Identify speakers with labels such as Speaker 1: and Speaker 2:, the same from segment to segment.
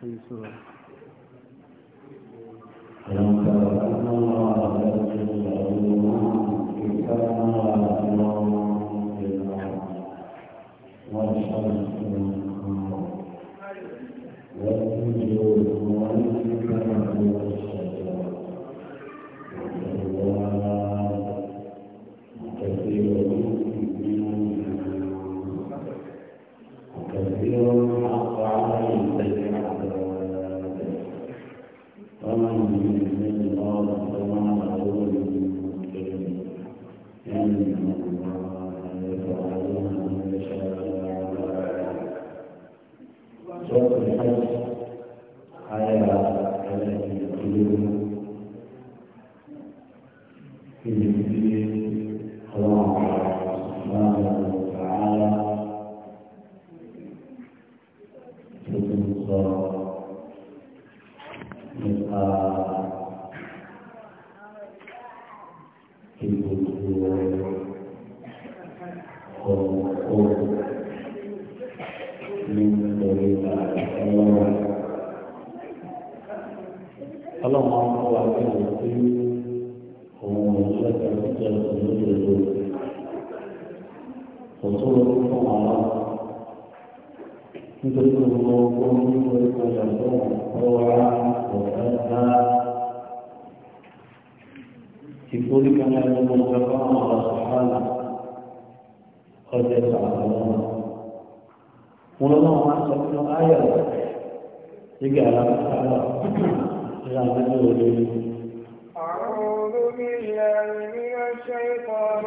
Speaker 1: Thank you. الله nítorí gbogbo ohun ní orí ọjà tó ọwọ́ ọ̀dá ìforí kan ẹni mo fẹ́ fáwọn ọ̀rọ̀ sọ̀hánà ọjọ́ ìsàlọ́wọ́ mo lọ́wọ́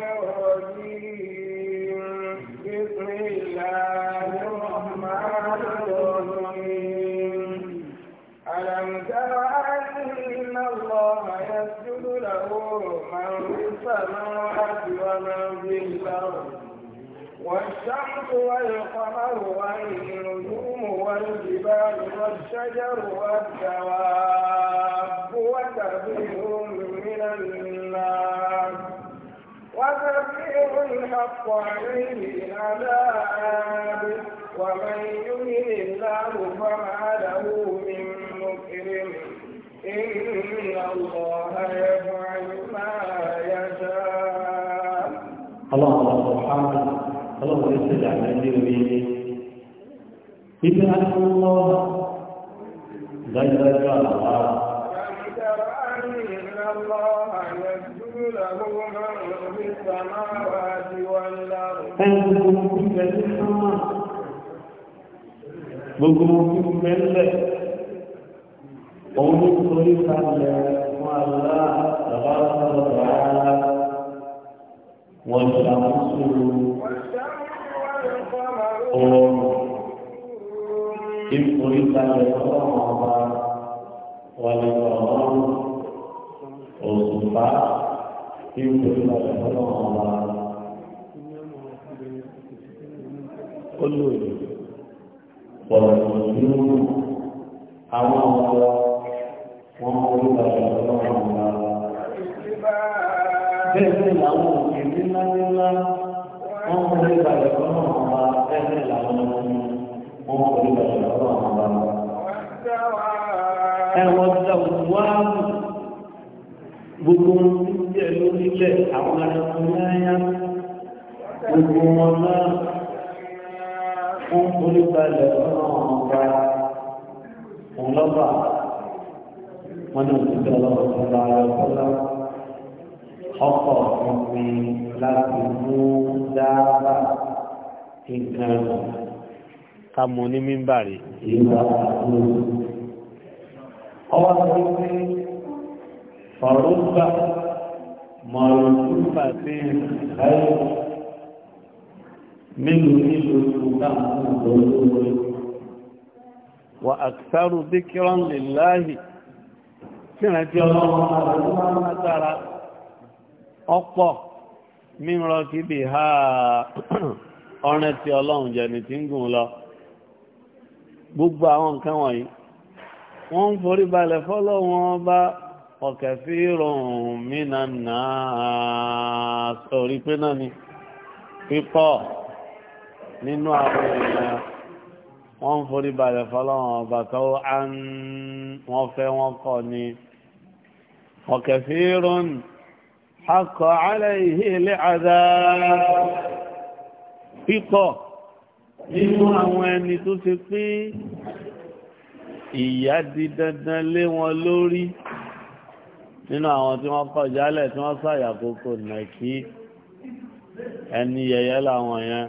Speaker 2: wọn لنا والشمس والقمر والنجوم والجبال والشجر والدواب وكثير من الناس وكثير الحق عليه آب ومن يهن الله
Speaker 1: المجرمين إذ أن الله دجل الله Gbogbo ogun mẹ́lẹ̀, òun ní torí kalẹ̀ fún àwọn nítorí balẹ̀ ọlọ́run ọba wàlẹ̀ ọlọ́run òṣùpá nítorí balẹ̀ ọlọ́run ọba olóòlù pọ̀lọ̀ nínú àwọn ọ̀rọ̀ wọn orí balẹ̀ ọlọ́run ọba.
Speaker 2: bẹ́ẹ̀ ni làwọn
Speaker 1: òkè ńlá ńlá wọn orí balẹ̀ ọlọ́run ọba bẹ́ẹ̀ ni làwọn ọmọ wọ́n kọ́ nípa ìṣẹ̀lẹ̀ ọlọ́run àwọn ọmọ ẹ̀wọ̀n dàwùwáàmù gbogbo ìjẹ́ lórílẹ̀ àwọn ẹranko yáyá gbogbo wọn náà wọ́n kọ́ nípa ìṣẹ̀lẹ̀ ọlọ́run ọba òun lọ́ba wọn ní òṣìṣẹ́ ọlọ́run ọba ọlọ́ba ọkọ̀ ọ̀gbìn láti mú dáadáa nǹkan ọ̀gbìn. ká mú ní mímbà rí. ọwọ́ tó ní ọ̀rọ̀gbà mọ̀rọ̀gbà tí ayé mélòó nílò tó káàkiri lórí wa aksaru dikiran lillahi tí ìrántí ọlọ́run àwọn agbára ọ̀pọ̀ mímọ̀ kí bí ha ọ̀rẹ́ tí ọlọ́run jẹ́ni tí ń gùn lọ gbogbo àwọn nǹkan wọ̀nyí wọ́n ń forí balẹ̀ fọ́lọ́ wọn bá ọ̀kẹ́ fi rọrùn mí nàá sọ̀rí pé náà ni pípọ̀ nínú àwọn èèyàn wọ́n ń forí balẹ̀ fọ́lọ́ wọn bá tó wọ́n fẹ́ wọ́n kọ́ ni ọ̀kẹ́ fi rọrùn hakọ̀ alẹ́ ìhílẹ̀ àdá pípọ̀ nínú àwọn ẹni tó ṣe pé ìyà di dandan lé wọn lórí nínú àwọn tí wọ́n kọ̀ jálẹ̀ tí wọ́n sàyà kókò nàkí ẹni yẹyẹ làwọn yẹn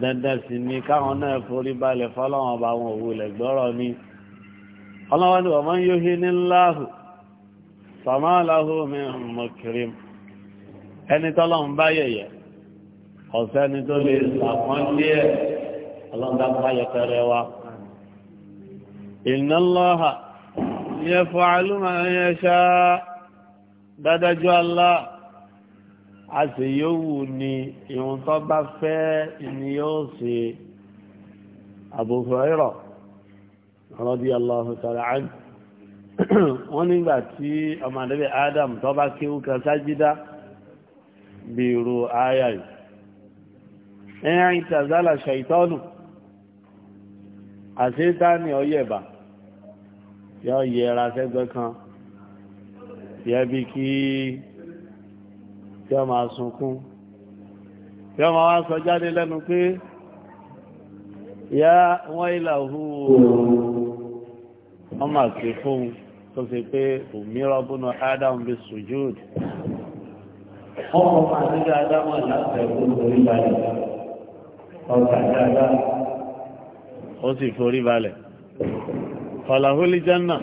Speaker 1: dandan sì ni káwọn náà forí balẹ̀ fọlọ́wọn bá wọn òwú lẹ̀ ni ọlọ́wọ́n ni wọ́n máa ń yóhe ní láhù sàmáàláhù mi mọ̀kìrìm ẹni tọ́lọ́run bá yẹ̀yẹ̀ ọ̀sẹ́ni tó lè sàpọ́nlé ẹ̀ ọlọ́dà fàyẹ̀tẹ̀rẹ wa inna Allaha yaf'alu ma yasha dádájú Allah àti yóò wù ní ìwọ̀n tó bá fẹ́ ni yóò ṣe Abu Hurairah radiyallahu ta'ala anhu wọ́n nígbà tí ọmọ Adam tó bá kéwú kan sájídá bí irú ayáyìí ẹ̀yìn tàzálà ṣàìtọ́nù àṣetáni ọyẹ̀bà yọ yẹra sẹ́gbẹ́ kan yẹbi kí yọ máa sunkún yọ máa wá sọ jáde lẹ́nu pé ya wọ́n ilà hu wọ́n máa ké fóun tó ṣe pé òmíràn búnú adam bí sùjúd ọmọ màá adam wà láti ẹ̀kọ́ lórí balẹ̀ ọgbà dáadáa. ó sì forí balẹ̀. ọ̀làhólí jẹ́nà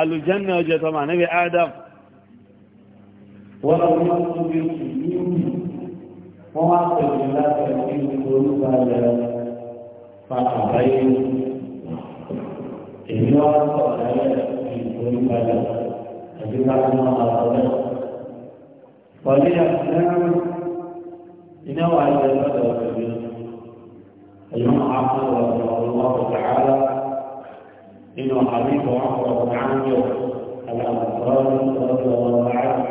Speaker 1: alùjẹ́nà ọjọ́ tọ́mà níbi Adam wọ́n lọ́wọ́ tó bí wọ́n wá pẹ̀lú láti ẹ̀kí olúwa rẹ̀ pàtàkì èyí wọ́n sọ lẹ́yẹ olúwa rẹ̀ àti káàkiri àwọn ọ̀rẹ́ pọ̀lú ẹ̀kí إنه على ذلك وكبير الإمام عبد رضي الله تعالى إنه حديث عمرو بن عامر الأنصاري رضي الله عنه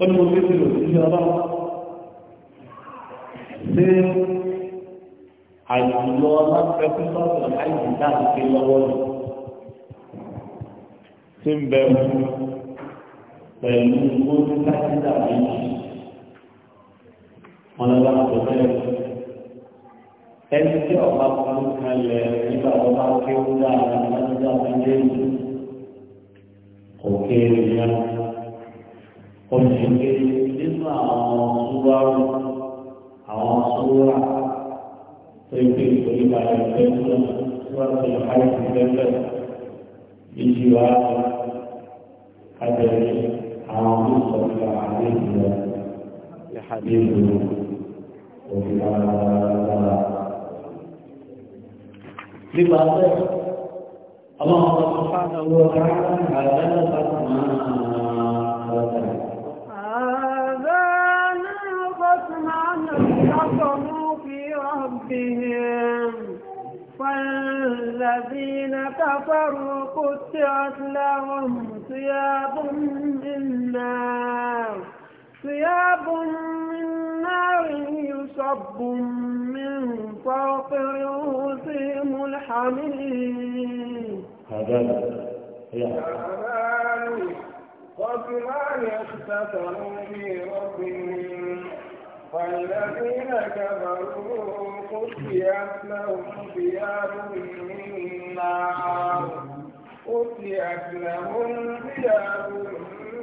Speaker 1: قلت مثل الهجرة سير حيث الله كفر الحج كان في الأول سنبه فيقول تحت عيشه wọn lọ bá tó bẹ́ẹ̀ ẹni tí ọba kan kalẹ̀ nígbà tó bá ké ó dá ara lọ́jọ́ ìdílé yìí kò kéré yá oṣù kéré nínú àwọn súwárù àwọn súwárà tó ń pè é nípa ẹgbẹ́ náà súwárù tó ń ká ìpínlẹ̀ bẹ́ẹ̀ ìjì wa kájọ ní àwọn ọmọ sọ̀rọ̀ àwọn ìlú rẹ̀. حبيبه وفي لبعض الله سبحانه وتعالى هذا قد ما
Speaker 3: كفروا في ربهم فالذين كفروا قطعت لهم ثياب من نار ثياب من نار يصب من فوق رؤوسهم الحميد
Speaker 1: هذا
Speaker 2: هذان خسران اختصموا في ربهم والذين كفروا قتلت لهم ثياب من نار قتلت لهم ثياب من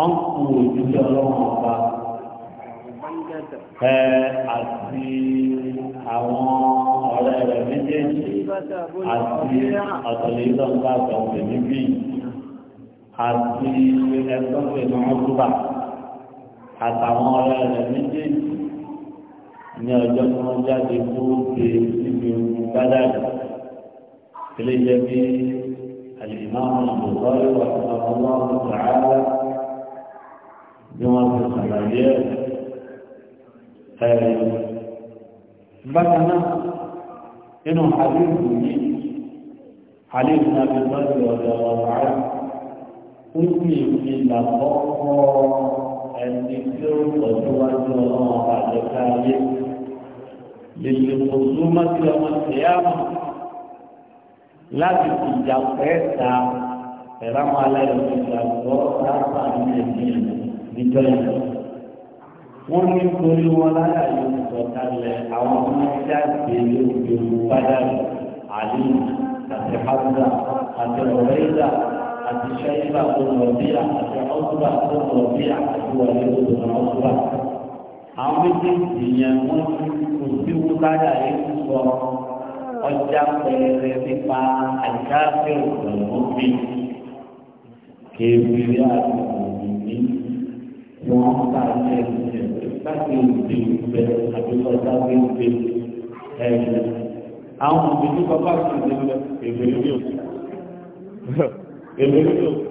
Speaker 1: wọ́n kú ojúṣe ọlọ́run ọba ẹ àti àwọn ọ̀rẹ́ rẹ̀ méjèèjì àti ọ̀tọ̀lẹ̀ yìí lọ́n bá àgbà ọ̀sẹ̀ níbí àti ẹgbẹ́ pẹ̀lú ọdúnbà àtàwọn ọ̀rẹ́ rẹ̀ méjèèjì ní ọjọ́ tí wọ́n jáde kúrò dé níbi ogun gbádàgbà eléyìí jẹ́ bí àlè ìmáàmù àbùkọ́ ìwà ìwà ọlọ́run tààrà ni wọ́n fi ṣàlàyé ẹ̀ bákan náà nínú àdéhùn yìí àdéhùn náà fi bá ti ọ̀dọ̀ ọ̀rọ̀ ààrẹ ó sì fi làkọ́kọ́ ẹni tí ó tọ́jú wájú ọlọ́run ọba àjọká ayé lèlè kò tó má ti ọmọ ìyáàmù láti ìjà pẹ́ẹ́ta ẹ̀rọ àwọn aláìlú ìgbàgbọ́ níjọ́ yìí wọ́n ní torí wọn láyà yóò sọ̀kalẹ̀ àwọn ọmọ ẹgbẹ́ àti ìlú yorùbá àlè àti hamza àti ọ̀rẹ́dà àti ṣẹ́yìnbà tó lọ bí àti ọ̀túbà tó lọ bí àti wọlé tó lọ ọ̀túbà. àwọn méjèèjì yẹn wọ́n ti kò sí wọn láyà yóò sọ ọjà pẹ̀lẹ́ nípa àìkáfẹ́ òkùnkùn mi kéwìrì àti òkùnkùn mi wọn bá ní ẹgbẹ́ láti ìdè ìgbẹ́ àbíkọ́sá bí ìgbẹ́ ẹ̀yẹ. Àwọn òbí tí bàbá ti ń lọ èbè lórí òkú. Èbè lórí òkú.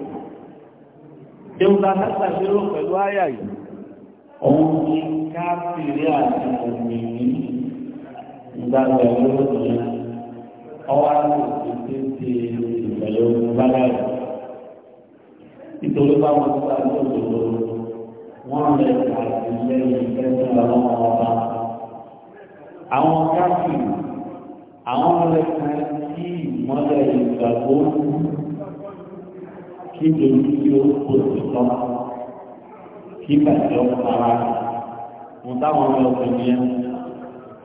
Speaker 1: Ṣéun ta sáta lérò pẹ̀lú àyà yìí. Òun ni káfíìrì àti òmìnirí ìgbàgbọ́ lónìí. Ọwọ́ àwọn òbí tí ń ṣe ìgbàlẹ̀ òun bá láyà. bá lóògùn wọ́n lè gbà ilé ìfẹ́ ní ọlọ́wọ́ ọba. Àwọn káfí, àwọn ọlẹ́kan tí ìmọ́lẹ̀ ìgbàgbọ́ kí lórí tí ó kó títọ́, kí bàjẹ́ ọ̀pára. Mo táwọn ọmọ ọkùnrin yẹn.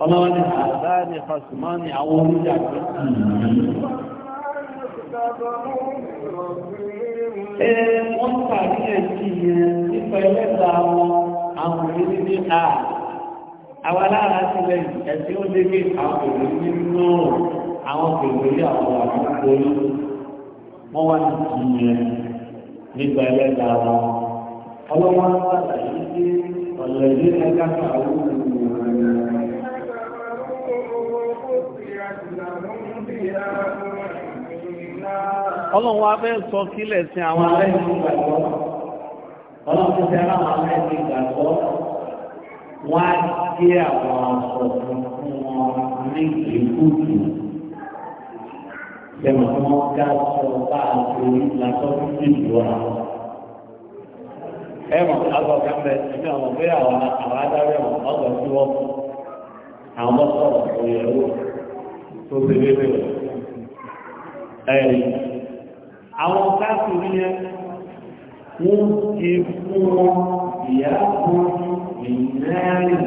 Speaker 1: Ọlọ́wọ́ ní àbá ní Fàṣùmọ́ ní àwọn oníjà tó kù yìí. Ee àríyànjiyàn nípa ẹlẹ́ta wọn àwọn èyí ní a àwọn alára ti lẹ ẹ̀sí ó lé ní àwọn èyí ní náà àwọn èyí ní àwọn àkókò yìí wọ́n wá ní jiyàn nípa ẹlẹ́ta wọn ọlọ́wọ́n wà láyé sí ọ̀lẹ́ ní ẹ̀ka kàwé Ọlọ́run wa fẹ́ sọ kílẹ̀ sí àwọn aláìsí ìgbàgbọ́ ọlọ́run fẹ́ láwọn aláìsí ìgbàgbọ́ wọ́n á gé àwọn aṣọ fún wọn ní ìkúùtù bẹ́ẹ̀ ni wọ́n ká sọ bá a ṣe lásán fún ìlú àwọn. ẹ mọ̀ àgbọ̀ kan bẹ ẹ̀mí àwọn pé àwọn àwọn adarí àwọn ọgbà tí wọ́n fún àwọn sọ̀rọ̀ òyìnbó tó ṣe lébè rẹ̀. àwọn káàkiri yẹn wọ́n ti fún wọn ìyá fún ìnáyà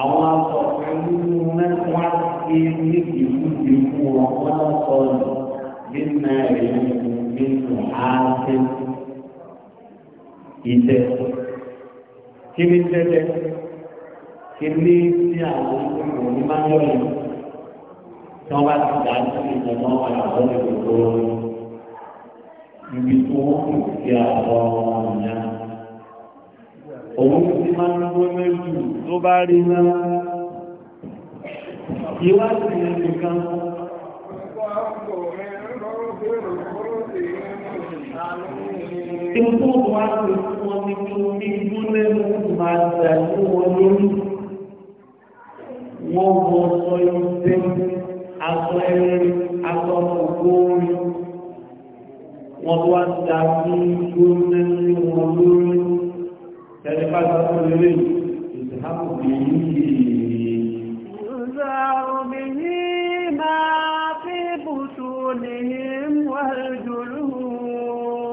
Speaker 1: àwọn aṣọ nínú mẹ́fà ti ní ìlú ti fún wọn wọ́n sọ nínú ẹ̀yìn nínú ààtẹ ìtẹ kí ni tẹ́tẹ́ kí ni tí àwọn ìgbìmọ̀ ní yọ̀ yìí tí wọ́n bá ti dá sí ìjọba àwọn ìgbìmọ̀ ibi tó wọ́n kò sí àbọ̀ ọ̀nà. Òun ti máa ń gbé méjì tó bá rí náà. Ìwádìí nìkan. Ìwọ́n tó wá sí fún ọmọ ìlú ní ìlú máa dà wọn lórí. Wọ́n wọ́n sọ ìṣẹ́ aṣọ ẹ̀rẹ́ aṣọ ọmọ ògbó orin wọ́n wá ta ní gómìnà ní wọn lórí tẹ́lifá sọ́kọ́ lórí ìsìnkápò bí i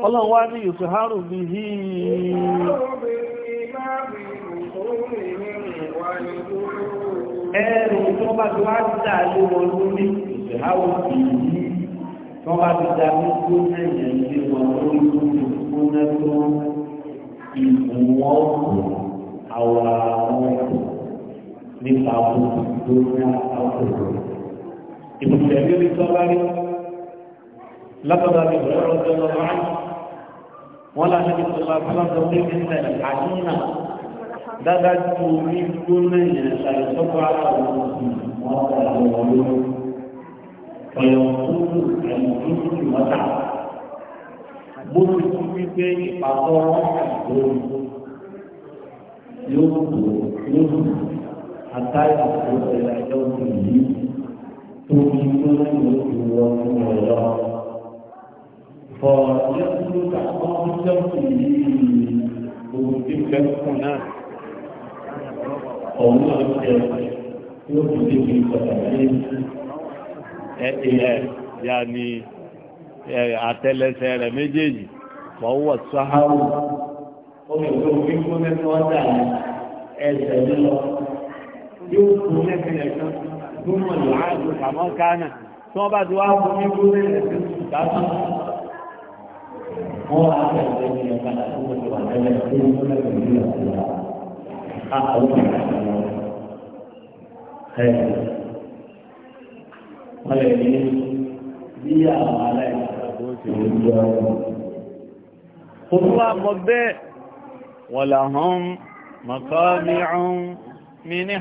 Speaker 1: Ọlọ́run wá ní ìsìnkápò bí i ẹ̀rùn tó bá tó wá dà lé wọn lórí ìsìnkápò bí i tí wọ́n bá ti da ní kó náà yẹn ní wọn lórí lórí kó náà tó ìbò wọn àwọn àwọn nípa àwọn lórí àwọn ìbùsẹ̀ ní orí tó bá rí lábàbà mi bẹ̀rẹ̀ ọjọ́ lọ́wọ́ wọn là níbi tó bá fún ọjọ́ pé kí àdúnà dáadáa ju orí gbóná yẹn ṣàlẹ̀ sọ́kọ̀ àwọn wọn tẹ̀ àwọn lórí ọ̀yọ̀kúrú àìmọ̀lúkú mọ́ta. Bó ti kú wípé ìpàkọ́ lórí yóò kú lórí àtàyà tó bẹ̀rẹ̀ ẹjọ́ tó yìí tó fi tó lórí ìwọ fún ọ̀yọ́. Bọ̀ọ̀ yẹ́kúrú àkọ́ ọjọ́ tó yìí ohun tí fẹ́ fún náà. Ọ̀hún náà jẹ́ yóò fi dé ibi pàtàkì ilẹ̀ yanni àtẹlẹsẹ̀ rẹ̀ méjèèjì fọwọ́ sáháwù omi tó fi kú ọ̀dà ẹsẹ̀ lílọ yóò kú fun wọ́n á bẹ̀rẹ̀ ní ẹ̀kan tó mọ̀ tó wà tẹ́lẹ̀ wọ́n lè ní bí àwọn aláìsàn kò tún wá mọ bẹ́ẹ̀ wọ́n là hàn mọ̀kọ́mí ọ̀hún mi ní mi ní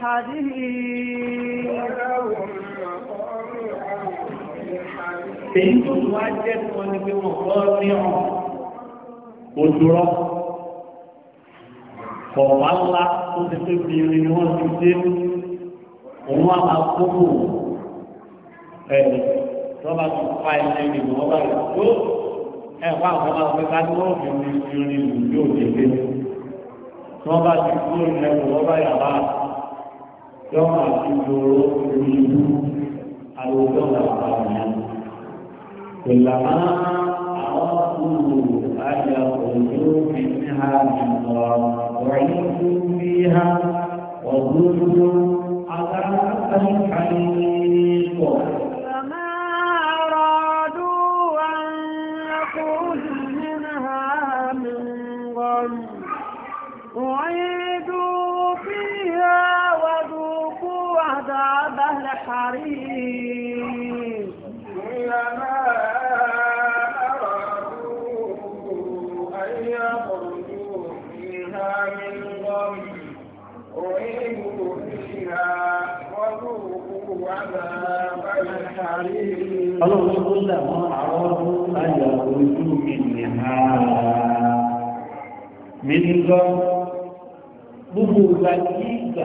Speaker 2: hadith èyí tó wá jẹ́
Speaker 1: fún ẹni pé wọ́n kọ́ ní ọ̀hún òdúrọ̀ tó ti pé fi irin ni wọ́n ti dé òun á máa kókò ẹ̀ rọ́bà tó fa ẹni ní wọ́n bá rẹ̀ tó ẹ̀ wá àwọn ọmọ ọ̀gbẹ́ ká ní wọ́n fi ní irin lù yóò dédé tí wọ́n bá ti kúrò lẹ́nu wọ́n bá yàrá yọ́n àti ìgbòho ìlú àlùjọ́ làwọn àwọn ìlànà خذوا منها عمرا وعيدوا فيها وظلوا
Speaker 3: عذاب الحليم
Speaker 2: ọlọ́run tó lẹ́wọ́n
Speaker 1: àwọn ọdún ayọ̀ ojú ìnìyà mílíọ̀ gbogbo ìgbà tí ìgbà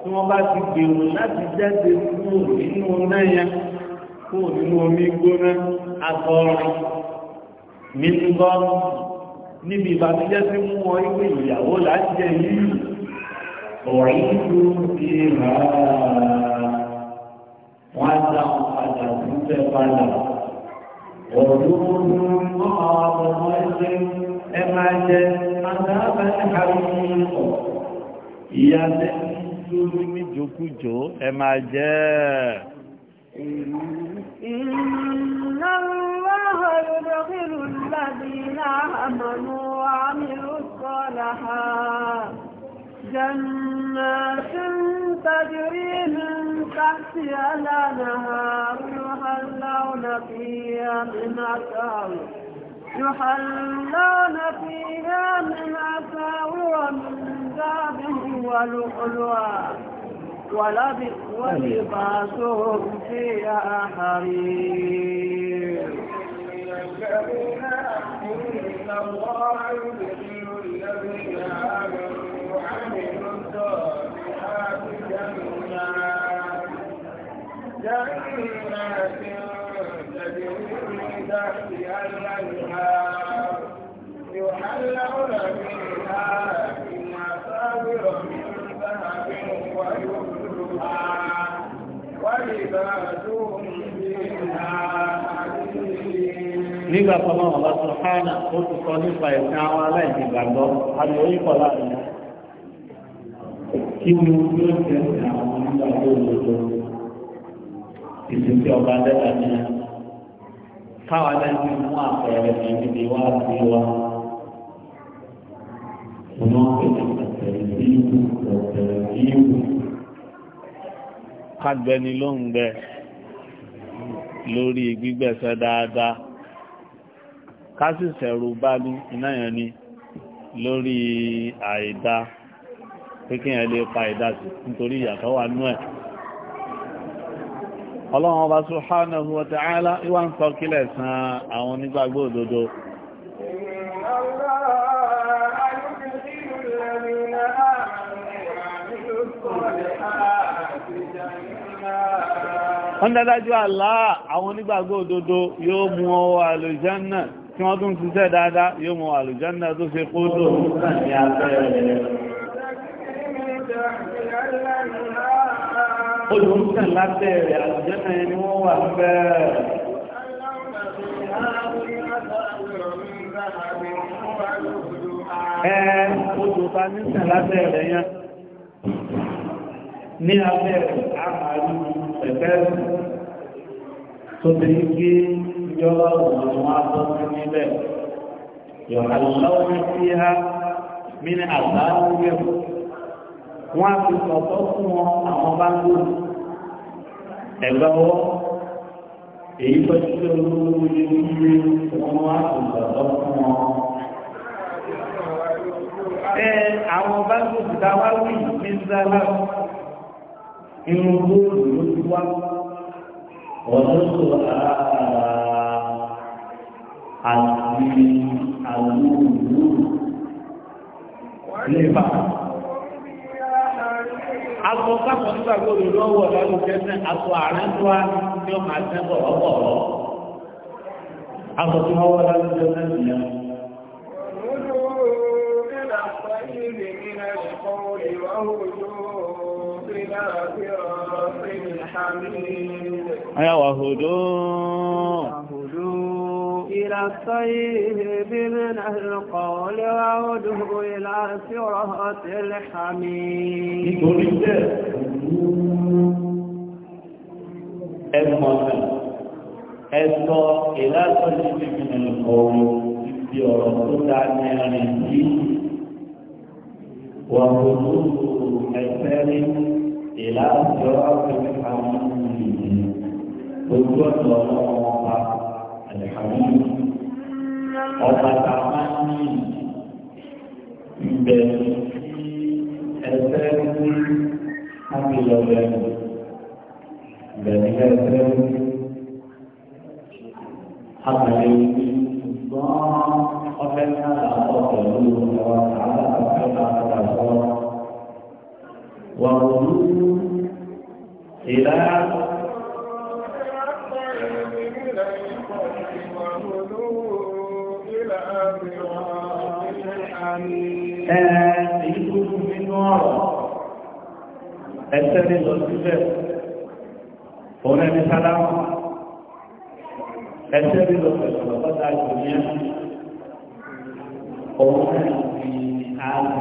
Speaker 1: tí wọ́n bá ti gbèrò láti jáde kúrò nínú náyà kúrò nínú omi gbóná akọrin mílíọ̀ níbi ìbànújẹ́ tí mú wọn ìpè ìyàwó láti yìí ọ̀rọ̀ fẹ́ padà. Ọ̀dùnkún ọ̀rọ̀ ẹ̀ṣẹ̀ ẹ ẹ máa jẹ́
Speaker 3: Inna Allaha yudkhilu alladhina Jannatin tajri عكسها لا نهار يحلون فيها من أساور يحلون فيها من أساور من ذهب ولؤلؤا ولباسهم فيها حرير
Speaker 2: الله يدخل الذين جنات تجري من تحتها يحلون فيها من أساور من ذهب ويؤلها ولباسهم فيها
Speaker 1: nígbà tọ́lọ́ ọ̀lá sọ̀hánà ó ti sọ nípa ẹ̀sìn àwọn aláìsìgbàgbọ́ alóyìnbọ̀ láàrin kí ni ó jẹ́ àwọn onígbàgbọ́ òjòjò ìsìn ọba dẹ́ta ní ẹ káwa náà mú àpẹẹrẹ ní wá wa ọmọ pẹ̀lú àpẹẹrẹ ní ìlú àpẹẹrẹ ní ìlú. kágbẹni ló ń gbẹ lórí gbígbẹsẹ dáadáa ká sì ṣẹ̀rù iná yẹn ni lórí àìdá pé kí yẹn lè pa ọlọ́run ọba subhanahu wa ta'ala ìwà ń sọ kílẹ̀ san àwọn onígbàgbọ́ òdodo wọ́n dájú àlá àwọn onígbàgbọ́ òdodo yóò mú ọwọ́ àlùjánà tí wọ́n tún ti ṣe dáadáa yóò mú àlùjánà tó ṣe kó lóòrùn ní abẹ́rẹ̀
Speaker 2: olùkàn látẹ̀rẹ̀ àjẹ́mẹ́ ni wọ́n wà bẹ́ẹ̀ ẹ̀ẹ́ olùkàn nìkàn látẹ̀rẹ̀
Speaker 1: yẹn ní abẹ́rẹ̀ àmàrí ẹ̀fẹ́ tó ti ń gé yọ́wọ́ àwọn abọ́sí níbẹ̀ yọ̀hálọ́wọ́ sí ha mí ní àbáwọ́ yẹ̀wò wọ́n á fi sọ̀tọ́ fún wọn àwọn bá gbó ẹ̀gbẹ́ ọwọ́ èyí tó ti ṣe olówó ní ilé wọn á fi sọ̀tọ́ fún wọn. ẹ àwọn bá gbó ìta wá wí ní sára inú góòlù ló ti wá wọ́n ló àti àlùmọ́ọ̀lù lè bá wọn aṣọ kápọ̀ nígbà gbòòrò lọ́wọ́ lọ́dún kẹsàn-án aṣọ àrẹ́ńtọ́wá ni ó máa tẹ́kọ̀ ọ̀pọ̀ ọ̀rọ̀ aṣọ tí wọ́n wọ́ lọ́dún kẹsàn-án nìyẹn. Ayáwà hòdó.
Speaker 3: إلى الطيب من القول وعوده إلى سرعة الحميد
Speaker 1: يقول الله أما إلى الطيب من القول في رسول عمياني وعوده الثالث إلى سرعة الحميد وقد الله الحميد ọba tàbá ní ìbẹ̀ sí ẹsẹ̀ ní ábìlọ̀lẹ̀ ìbẹ̀ ní ẹsẹ̀ ní àbàlẹ̀ ìbí ṣùgbọ́n ọfẹ́ náà lọ́pọ̀ pẹ̀lú ọwọ́ tàbá ọfẹ́ tàbá èyí tó kú nínú ọ̀rọ̀ ẹsẹ̀ ní lọ síbẹ̀ òun ẹni sálámù ẹsẹ̀ ní lọ pẹ̀lú ọ̀pọ̀ta ìgbìyàn òun ẹni fi áàbì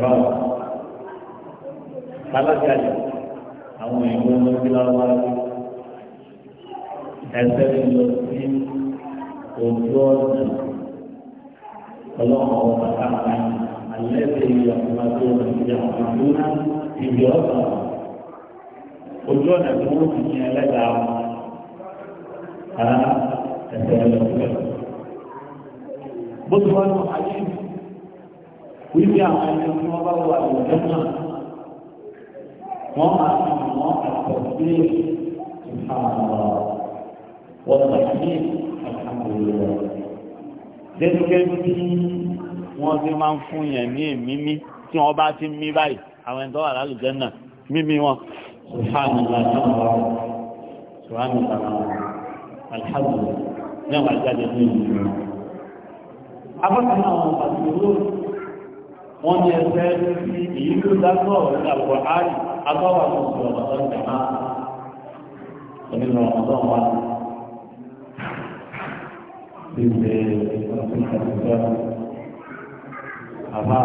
Speaker 1: ìjọba wa kálákàlì àwọn èèyàn ló ń gbé lọ́wọ́ ẹsẹ̀ lọ sí ojú ọ̀nà ọlọ́run ọ̀hún bàtà kan alẹ́ tẹ̀ yọ ọ̀nà tó ń gbé àwọn ìdúná ìbí ọ̀nà ojú ọ̀nà tó ń fi yẹn lẹ́dàá wọn ẹsẹ̀ lọ sí ẹ̀. bó ti wá lọ ayé ìlú wíwí àwọn ẹni tí wọ́n bá wà lọ́jọ́ náà wọ́n máa fi wọ́n àtọ̀sílẹ̀ ìfàmọ́ wọ́n tàbí àtàkùnrin gẹ́gẹ́ bí wọ́n ti máa ń fún yẹn ní ìmímí tí wọ́n bá ti mí báyìí àwọn ẹni tó wà lálùjẹ́ náà mímí wọn subhanallah subhanallah alhamdulillah ní àwọn àjáde ní ìlú. abọ́sí àwọn ọ̀pá ti lóòrùn wọ́n ní ẹsẹ̀ sí èyí ló dákọ̀ ní àpò àárí agbáwà tó ti ọ̀rọ̀ tó ń tẹ̀ máa ẹni lọ ọ̀rọ̀ tó ń wá sí ṣe ọ̀sìn àtijọ́ àbá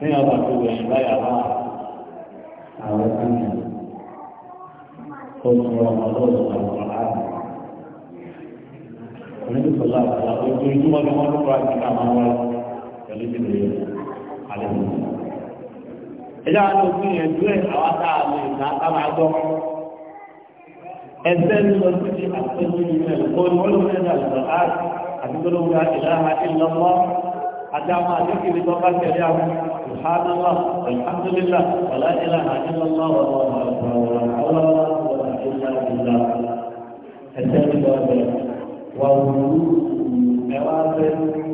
Speaker 1: ní ọ̀rọ̀ tó wẹ̀ láyà bá àwọn tó ń oṣù ọ̀rọ̀ tó ń àpò àárí. Onídìí sọ̀rọ̀ àpò àárí ojoojúmọ́ ni wọ́n ń kọ́ àti àwọn ọ̀rọ̀ pẹ̀lú ìbìrì àlejò. ẹjọ́ àwọn òfin yẹn dúró àwọn táà lè gbà ká máa gbọ́. ẹgbẹ́ ń lọ sí ti àtẹ́jú ilẹ̀ òní olóòfin ẹ̀dá ìgbà àti gbọ́dọ̀gbà ìlànà ìlọ́mọ́ àdáwọn àdékìrì tó bá tẹ̀lé àwọn ìhánàlá alhamdulillah wàlá ìlànà ìlọ́mọ́ wàlá ìlànà ẹ̀sẹ̀ ìlọ́mọ́ wà wùrú ẹwà bẹ́ẹ̀